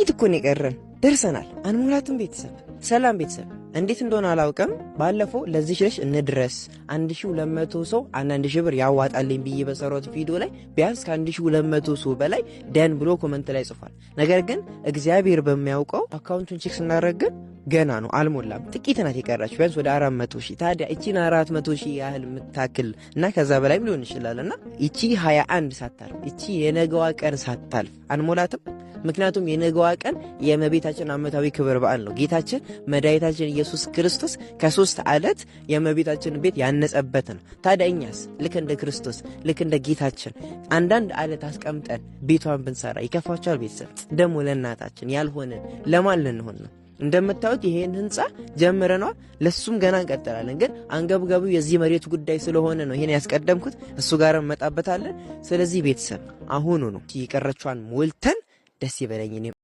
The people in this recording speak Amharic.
ጥቂት እኮን የቀረን። ደርሰናል። አንሞላትም። ቤተሰብ ሰላም ቤተሰብ እንዴት እንደሆነ አላውቅም። ባለፈው ለዚህ ልጅ እንድረስ 1200 ሰው አንዳንድ ሺህ ብር ያዋጣልኝ ብዬ በሰራሁት ቪዲዮ ላይ ቢያንስ ከ1200 ሰው በላይ ደን ብሎ ኮመንት ላይ ጽፏል። ነገር ግን እግዚአብሔር በሚያውቀው አካውንቱን ቼክ ስናደርግ ገና ነው፣ አልሞላም። ጥቂት ናት የቀራች፣ ቢያንስ ወደ አራት መቶ ሺህ ታዲያ እቺን አራት መቶ ሺህ ያህል የምታክል እና ከዛ በላይም ሊሆን ይችላል እና እቺ ሀያ አንድ ሳታልፍ እቺ የነገዋ ቀን ሳታልፍ አንሞላትም። ምክንያቱም የነገዋ ቀን የእመቤታችን ዓመታዊ ክብር በዓል ነው። ጌታችን መድኃኒታችን ኢየሱስ ክርስቶስ ከሶስት አለት የእመቤታችን ቤት ያነጸበት ነው። ታዲያ እኛስ ልክ እንደ ክርስቶስ ልክ እንደ ጌታችን አንዳንድ አለት አስቀምጠን ቤቷን ብንሰራ ይከፋቸዋል። ቤተሰብ ደግሞ ለእናታችን ያልሆንን ለማን ልንሆን ነው? እንደምታዩት ይሄን ህንፃ ጀምረነዋል። ለሱም ገና እንቀጥላለን። ግን አንገብገቡ የዚህ መሬት ጉዳይ ስለሆነ ነው ይሄን ያስቀደምኩት። እሱ ጋር እንመጣበታለን። ስለዚህ ቤተሰብ አሁኑ ነው የቀረቿን ሞልተን ደስ ይበለኝ።